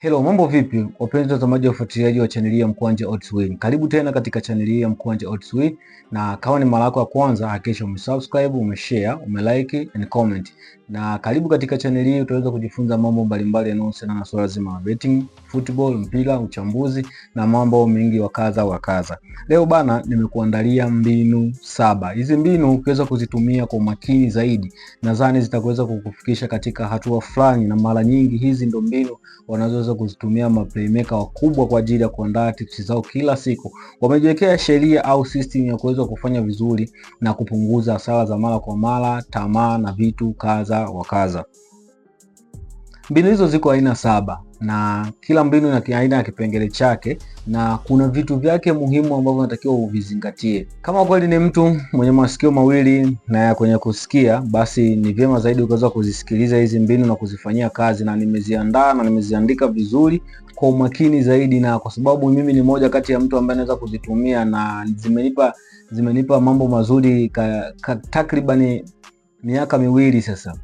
Hello, mambo vipi wapenzi watazamaji, ufuatiliaji wa chaneli ya Mkwanja Odds Win, karibu tena katika chaneli ya Mkwanja Odds Win, na kama ni mara yako ya kwanza hakikisha umesubscribe, umeshare, umelike and comment na karibu katika chaneli hii. Utaweza kujifunza mambo mbalimbali yanayohusiana na swala zima la betting, football, mpira, uchambuzi na mambo mengi wa wa kaza Leo bana, nimekuandalia mbinu saba. Hizi mbinu ukiweza kuzitumia kwa umakini zaidi, nadhani zitakuweza kukufikisha katika hatua fulani, na mara nyingi hizi ndo mbinu wanazoweza kuzitumia maplaymaker wakubwa kwa ajili ya kuandaa tips zao kila siku. Wamejiwekea sheria au system ya kuweza kufanya vizuri na kupunguza hasara za mara kwa mara, tamaa na vitu kaza kadha wa kadha. Mbinu hizo ziko aina saba na kila mbinu ina aina ya kipengele chake na kuna vitu vyake muhimu ambavyo natakiwa uvizingatie. Kama kweli ni mtu mwenye masikio mawili na ya kwenye kusikia, basi ni vyema zaidi ukaweza kuzisikiliza hizi mbinu na kuzifanyia kazi, na nimeziandaa na nimeziandika vizuri kwa umakini zaidi, na kwa sababu mimi ni moja kati ya mtu ambaye naweza kuzitumia na zimenipa zimenipa mambo mazuri takribani miaka miwili sasa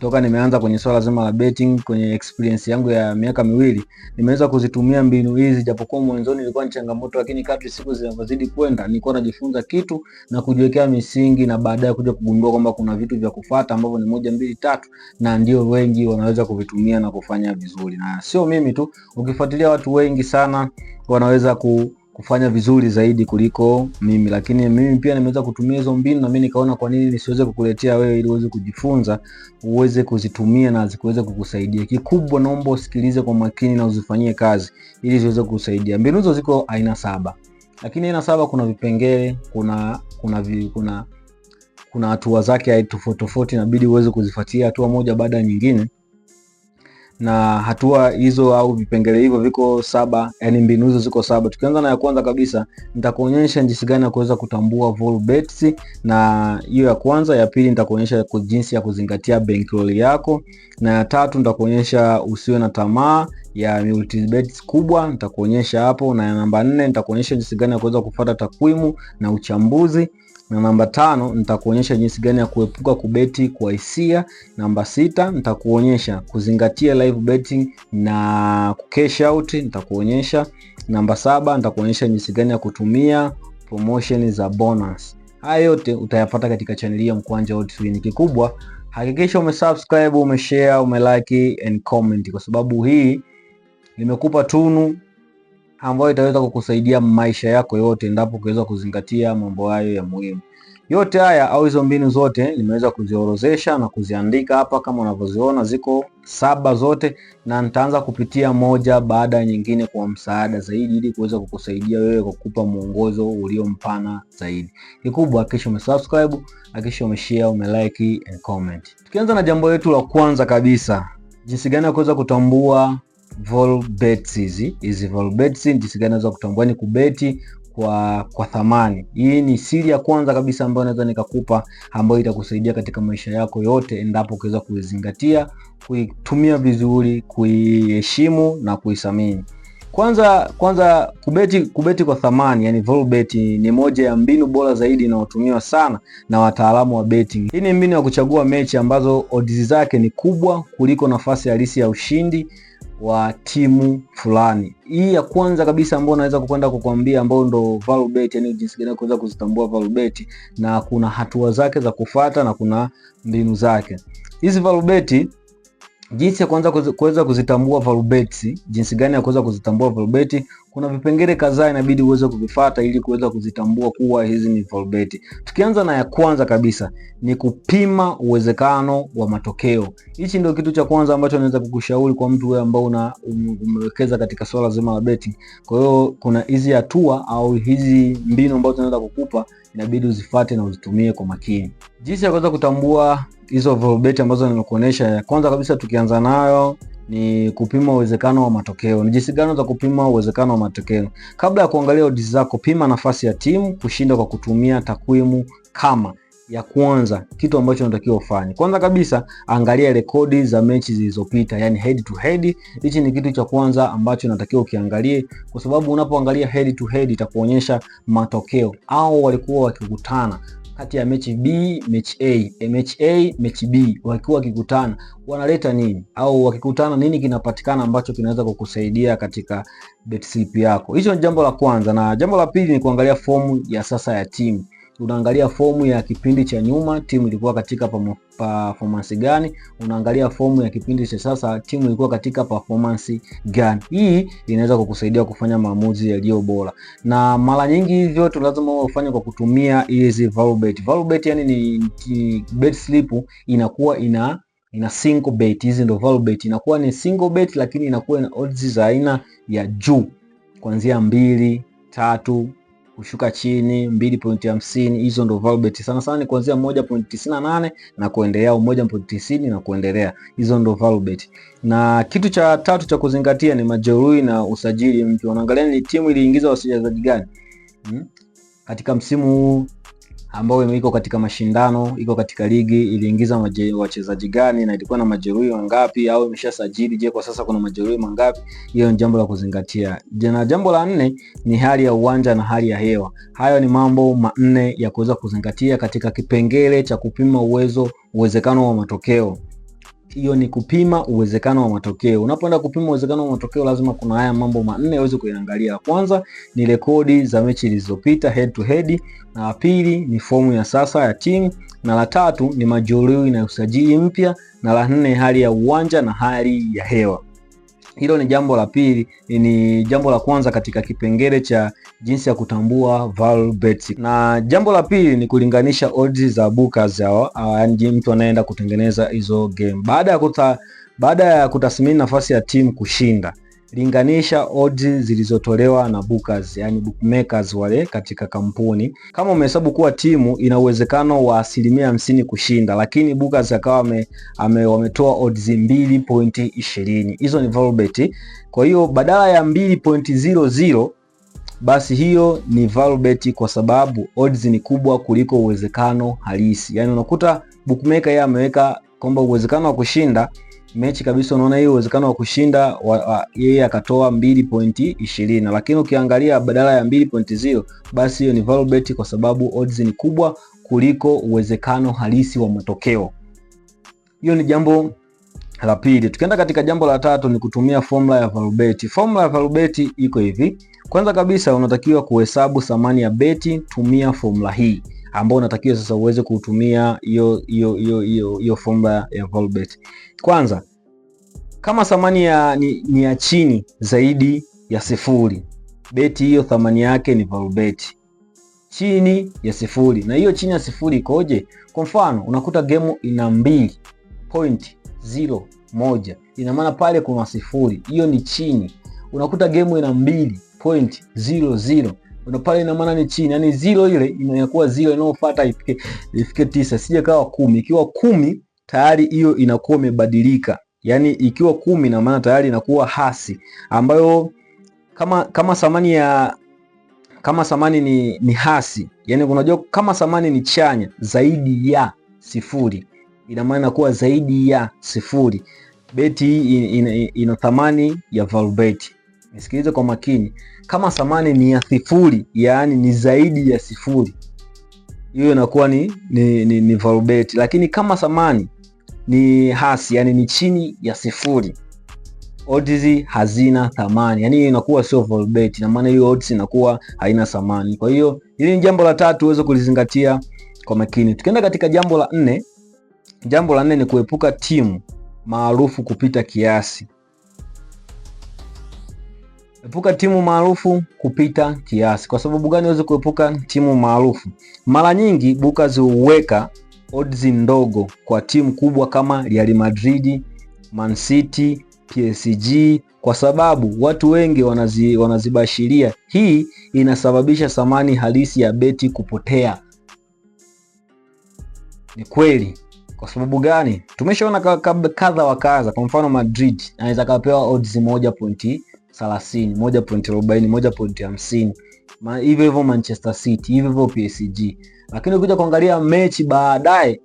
toka nimeanza kwenye swala zima la betting, kwenye experience yangu ya miaka miwili nimeweza kuzitumia mbinu hizi, japokuwa mwanzoni ilikuwa ni changamoto, lakini kadri siku zinavyozidi kwenda nilikuwa najifunza kitu na kujiwekea misingi, na baadaye kuja kugundua kwamba kuna vitu vya kufuata ambavyo ni moja mbili tatu, na ndio wengi wanaweza kuvitumia na kufanya vizuri, na sio mimi tu, ukifuatilia watu wengi sana wanaweza ku kufanya vizuri zaidi kuliko mimi, lakini mimi pia nimeweza kutumia hizo mbinu, na mimi nikaona kwa nini nisiweze kukuletea wewe, ili uweze kujifunza, uweze kuzitumia na zikuweze kukusaidia. Kikubwa, naomba usikilize kwa makini na uzifanyie kazi ili ziweze kukusaidia. Mbinu hizo ziko aina saba, lakini aina saba kuna vipengele, kuna kuna kuna kuna hatua zake tofauti tofauti, inabidi uweze kuzifuatia hatua moja baada ya nyingine na hatua hizo au vipengele hivyo viko saba, yani mbinu hizo ziko saba. Tukianza na ya kwanza kabisa, nitakuonyesha jinsi gani ya kuweza kutambua Volbets, na hiyo ya kwanza. Ya pili nitakuonyesha jinsi ya kuzingatia bankroll yako, na ya tatu nitakuonyesha usiwe na tamaa ya multibets kubwa nitakuonyesha hapo, na ya namba nne nitakuonyesha jinsi gani ya kuweza kufuata takwimu na uchambuzi na namba tano nitakuonyesha jinsi gani ya kuepuka kubeti kwa hisia. Namba sita nitakuonyesha kuzingatia live betting na cash out nitakuonyesha. Namba saba nitakuonyesha jinsi gani ya kutumia promotion za bonus. Haya yote utayapata katika chaneli ya Mkwanja Odds Win. Kikubwa hakikisha umesubscribe, umeshare, umelike and comment, kwa sababu hii nimekupa tunu ambayo itaweza kukusaidia maisha yako yote endapo ukiweza kuzingatia mambo hayo ya muhimu. Yote haya au hizo mbinu zote nimeweza kuziorozesha na kuziandika hapa kama unavyoziona, ziko saba zote, na nitaanza kupitia moja baada ya nyingine kwa msaada zaidi, ili kuweza kukusaidia wewe kwa kukupa mwongozo ulio mpana zaidi. Kikubwa hakikisha umesubscribe, hakikisha umeshare, umelike and comment. Tukianza na jambo letu la kwanza kabisa, jinsi gani ya kuweza kutambua Volbets hizi hizi Volbets jinsi gani unaweza kutambua ni kubeti kwa kwa thamani. Hii ni siri ya kwanza kabisa ambayo naweza nikakupa, ambayo itakusaidia katika maisha yako yote, endapo ukiweza kuizingatia, kuitumia vizuri, kuiheshimu na kuisamini. Kwanza kwanza kubeti kubeti kwa thamani, yani Volbet ni moja ya mbinu bora zaidi inayotumiwa sana na wataalamu wa betting. Hii ni mbinu ya kuchagua mechi ambazo odds zake ni kubwa kuliko nafasi halisi ya ushindi wa timu fulani. Hii ya kwanza kabisa ambayo naweza kukwenda kukwambia ambayo ndo value bet, yani jinsi gani kuweza kuzitambua value bet, na kuna hatua zake za kufata na kuna mbinu zake. Hizi value bet Jinsi ya kuanza kuweza kuzitambua valubeti, jinsi gani ya kuweza kuzitambua valubeti, kuna vipengele kadhaa inabidi uweze kuvifuata ili kuweza kuzitambua kuwa hizi ni valubeti. Tukianza na ya kwanza kabisa ni kupima uwezekano wa matokeo. Hichi ndio kitu cha kwanza ambacho naweza kukushauri kwa mtu wewe ambao una umewekeza katika swala zima la beti. Kwa hiyo kuna hizi hatua au hizi mbinu ambazo tunaweza kukupa inabidi uzifuate na uzitumie kwa makini. Jinsi ya kuweza kutambua hizo verbatim ambazo nimekuonyesha, ya kwanza kabisa tukianza nayo ni kupima uwezekano wa matokeo. Ni jinsi gani za kupima uwezekano wa matokeo? Kabla ya kuangalia odds zako, pima nafasi ya timu kushinda kwa kutumia takwimu kama ya kwanza, kitu ambacho unatakiwa ufanye, kwanza kabisa angalia rekodi za mechi zilizopita, yani head to head. Hichi ni kitu cha kwanza ambacho unatakiwa ukiangalie, kwa sababu unapoangalia head to head itakuonyesha matokeo au walikuwa wakikutana kati ya mechi B, mechi A, eh, mechi A, mechi B, wakiwa wakikutana wanaleta nini au wakikutana nini kinapatikana ambacho kinaweza kukusaidia katika bet slip yako. Hicho ni jambo la kwanza, na jambo la pili ni kuangalia fomu ya sasa ya timu unaangalia fomu ya kipindi cha nyuma, timu ilikuwa katika performance gani. Unaangalia fomu ya kipindi cha sasa, timu ilikuwa katika performance gani. Hii inaweza kukusaidia kufanya maamuzi yaliyo bora, na mara nyingi hivyo tu lazima ufanye kwa kutumia hizi Valubet. Valubet yani ni, ni bet slip inakuwa ina ina single bet. Hizi ndo Valubet, inakuwa ni single bet, lakini inakuwa na odds za aina ya juu kuanzia mbili tatu kushuka chini 250 hizo ndo Valbet. Sana sana ni kuanzia 1.98 na kuendelea au moja na kuendelea, hizo ndo Valbet. Na kitu cha tatu cha kuzingatia ni majeruhi na usajili mpya. unaangalia ni timu iliingiza wachezaji gani hmm? katika msimu huu ambayo iko katika mashindano, iko katika ligi, iliingiza wachezaji gani na ilikuwa na majeruhi wangapi, au imeshasajili? Je, kwa sasa kuna majeruhi mangapi? Hiyo ni jambo la kuzingatia. Na jambo la nne ni hali ya uwanja na hali ya hewa. Hayo ni mambo manne ya kuweza kuzingatia katika kipengele cha kupima uwezo uwezekano wa matokeo hiyo ni kupima uwezekano wa matokeo. Unapoenda kupima uwezekano wa matokeo, lazima kuna haya mambo manne uweze kuiangalia. Kwanza ni rekodi za mechi zilizopita head to head, na la pili ni fomu ya sasa ya timu, na la tatu ni majeruhi na usajili mpya, na la nne hali ya uwanja na hali ya hewa. Hilo ni jambo la pili. Ni jambo la kwanza katika kipengele cha jinsi ya kutambua value bets, na jambo la pili ni kulinganisha odds za bookers hao, ah, yaani mtu anayeenda kutengeneza hizo game baada ya kuta, baada ya kutathmini nafasi ya timu kushinda linganisha odds zilizotolewa na bookers, yani bookmakers wale katika kampuni. Kama umehesabu kuwa timu ina uwezekano wa asilimia hamsini kushinda, lakini bookers akawa wametoa odds mbili pointi ishirini, hizo ni bet. Kwa hiyo badala ya mbili pointi ziro basi hiyo ni bet kwa sababu odds ni kubwa kuliko uwezekano halisi. Yani unakuta bookmaker yeye ameweka kwamba uwezekano wa kushinda mechi kabisa, unaona hiyo uwezekano wa kushinda yeye akatoa 2.20 lakini ukiangalia badala ya 2.0 basi hiyo ni value bet, kwa sababu odds ni kubwa kuliko uwezekano halisi wa matokeo. Hiyo ni jambo la pili. Tukienda katika jambo la tatu ni kutumia formula ya value bet. Formula ya value bet iko hivi. Kwanza kabisa unatakiwa kuhesabu thamani ya beti, tumia formula hii ambao unatakiwa sasa uweze kutumia hiyo hiyo hiyo hiyo hiyo formula ya Volbert. Kwanza, kama thamani ya ni, ni ya chini zaidi ya sifuri, beti hiyo thamani yake ni Volbert chini ya sifuri. Na hiyo chini ya sifuri ikoje? Kwa mfano unakuta gemu ina mbili point zero moja, ina maana pale kuna sifuri, hiyo ni chini. Unakuta gemu ina 2.00 zero zero kuna pale ina maana ni chini, yani zero ile inakuwa zero inayofuata ifike ifike tisa, sije kawa kumi. Ikiwa kumi tayari hiyo inakuwa imebadilika, yani ikiwa kumi ina maana tayari inakuwa hasi ambayo kama kama samani ya kama samani ni, ni hasi yani, unajua kama samani ni chanya zaidi ya sifuri, ina maana inakuwa zaidi ya sifuri. Beti hii ina thamani ya value beti nisikilize kwa makini, kama thamani ni ya sifuri, yaani ni zaidi ya sifuri, hiyo inakuwa ni, ni, ni, ni varubeti. Lakini kama thamani ni hasi, yani ni chini ya sifuri, odds hazina thamani, yani inakuwa sio varubeti, na maana hiyo odds inakuwa haina thamani. Kwa hiyo hili ni jambo la tatu uweze kulizingatia kwa makini. Tukienda katika jambo la nne, jambo la nne ni kuepuka timu maarufu kupita kiasi. Epuka timu maarufu kupita kiasi. Kwa sababu gani uweze kuepuka timu maarufu? Mara nyingi Bookers huweka odds ndogo kwa timu kubwa kama Real Madrid, Man City, PSG kwa sababu watu wengi wanazi, wanazibashiria. Hii inasababisha thamani halisi ya beti kupotea. Ni kweli. Kwa sababu gani? Tumeshaona kadha wa kadha. Kwa mfano Madrid anaweza kapewa odds moja thelathini, moja pointi arobaini, moja pointi hamsini hivyo hivyo Manchester City, hivyo hivyo PSG, lakini ukija kuangalia mechi baadaye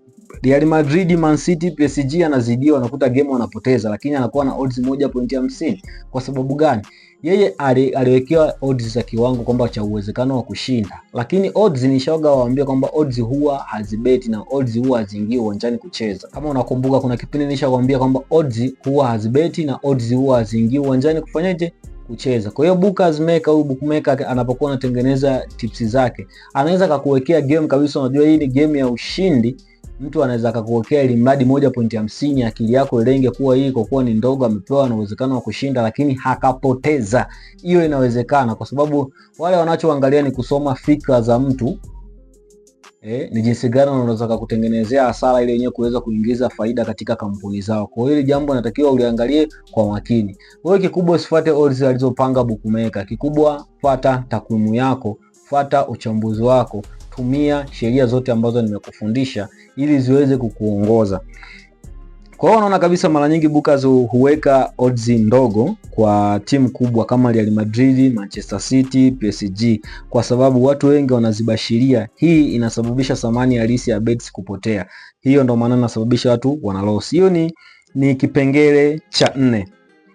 Real Madrid, Man City, PSG anazidiwa, anakuta game wanapoteza, lakini anakuwa na odds moja pointi hamsini. Kwa sababu gani? Yeye aliwekewa odds za kiwango kwamba cha uwezekano wa kushinda, lakini odds ni shoga, waambia kwamba odds huwa hazibeti na odds huwa haziingii uwanjani kucheza. Kama unakumbuka, kuna kipindi nishakwambia kwamba odds huwa hazibeti na odds huwa haziingii uwanjani kufanyaje kucheza. Kwa hiyo bookers maker huyu bookmaker anapokuwa anatengeneza tips zake, anaweza akakuwekea game kabisa, unajua hii ni game ya ushindi mtu anaweza akakuokea ili mradi moja pointi hamsini, akili yako ilenge kuwa hii kwa kuwa ni ndogo, amepewa na uwezekano wa kushinda, lakini hakapoteza. Hiyo inawezekana, kwa sababu wale wanachoangalia ni kusoma fikra za mtu eh, ni jinsi gani wanaweza kutengenezea hasara ili yenyewe kuweza kuingiza faida katika kampuni zao. Kwa hiyo hili jambo natakiwa uliangalie kwa makini. Wewe kikubwa usifuate odds alizopanga Bukumeka, kikubwa fuata takwimu yako, fuata uchambuzi wako, tumia sheria zote ambazo nimekufundisha ili ziweze kukuongoza. Kwa hiyo unaona kabisa mara nyingi Bookers huweka odds ndogo kwa timu kubwa kama Real Madrid, Manchester City, PSG kwa sababu watu wengi wanazibashiria. Hii inasababisha thamani halisi ya bets kupotea. Hiyo ndio maana inasababisha watu wanaloss. Hiyo ni, ni kipengele cha nne.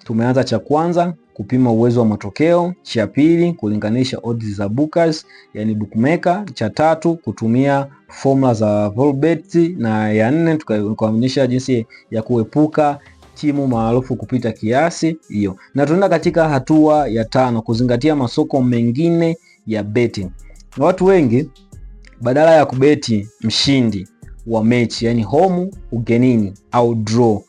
Tumeanza cha kwanza kupima uwezo wa matokeo. Cha pili, kulinganisha odds za bookers, yani bookmaker. Cha tatu, kutumia formula za Volbet, na ya nne tukaonyesha jinsi ya kuepuka timu maarufu kupita kiasi hiyo. Na tunaenda katika hatua ya tano, kuzingatia masoko mengine ya betting. Watu wengi badala ya kubeti mshindi wa mechi, yani home, ugenini au draw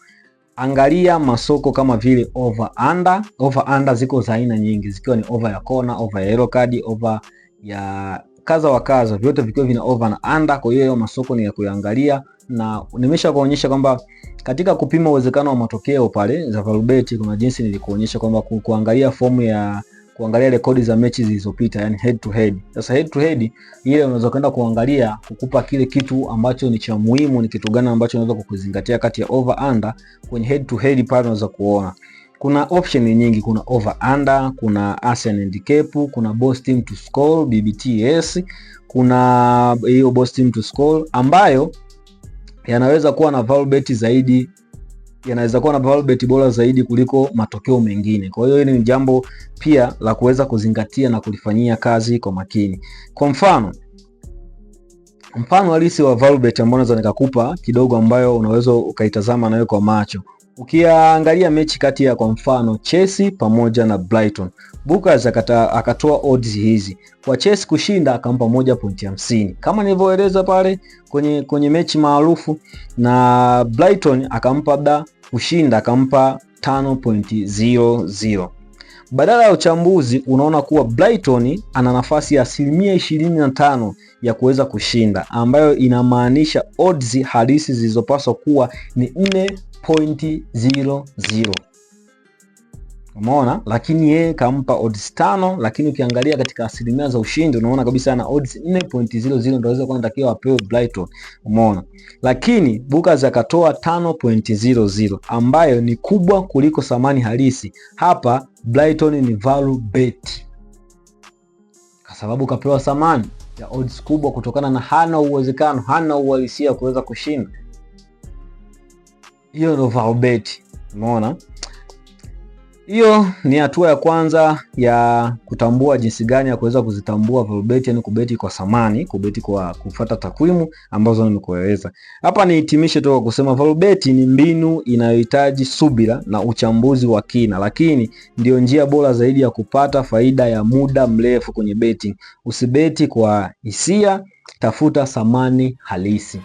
Angalia masoko kama vile over under. Over under ziko za aina nyingi, zikiwa ni over ya kona, over ya yellow card, over ya kaza wa kaza, vyote vikiwa vina over na under. Kwa hiyo masoko ni ya kuangalia, na nimesha kuonyesha kwamba katika kupima uwezekano wa matokeo pale za valubeti kuna jinsi nilikuonyesha kwamba kuangalia fomu ya kuangalia rekodi za mechi zilizopita, yani head to head. Sasa head to head ile unaweza kwenda kuangalia kukupa kile kitu ambacho ni cha muhimu, ni kitu gani ambacho unaweza kukuzingatia kati ya over under kwenye head to head. Pale unaweza kuona kuna option nyingi, kuna over under, kuna Asian handicap, kuna boss team to score BBTS, kuna hiyo boss team to score ambayo yanaweza kuwa na value bet zaidi yanaweza kuwa na probability bora zaidi kuliko matokeo mengine. Kwa hiyo hili ni jambo pia la kuweza kuzingatia na kulifanyia kazi kwa makini. Kwa mfano mfano halisi wa value bet ambao naweza nikakupa kidogo, ambayo unaweza ukaitazama nawe kwa macho. Ukiangalia mechi kati ya kwa mfano Chelsea pamoja na Brighton, Bukas akatoa odds hizi kwa Chelsea kushinda, akampa 1.50 kama nilivyoeleza pale kwenye, kwenye mechi maarufu na Brighton akampa da kushinda akampa 5.00. Badala ya uchambuzi unaona kuwa Brighton ana nafasi ya asilimia 25 ya kuweza kushinda ambayo inamaanisha odds halisi zilizopaswa kuwa ni 4 0.00 Umeona? Lakini yeye kampa odds tano, lakini ukiangalia katika asilimia za ushindi unaona kabisa ana odds 4.00 ndio kuwa anatakiwa apewe Brighton. Umeona? Lakini Bukas akatoa 5.00 ambayo ni kubwa kuliko thamani halisi. Hapa Brighton ni value bet. Kwa sababu kapewa thamani ya odds kubwa kutokana na hana uwezekano, hana uhalisia kuweza kushinda hiyo ndo Valbert. Umeona, hiyo ni hatua ya kwanza ya kutambua jinsi gani ya kuweza kuzitambua Valbert, yani kubeti kwa samani, kubeti kwa kufuata takwimu ambazo nimekueleza hapa. Nihitimishe tu kwa kusema Valbert ni mbinu inayohitaji subira na uchambuzi wa kina, lakini ndiyo njia bora zaidi ya kupata faida ya muda mrefu kwenye betting. Usibeti kwa hisia, tafuta samani halisi.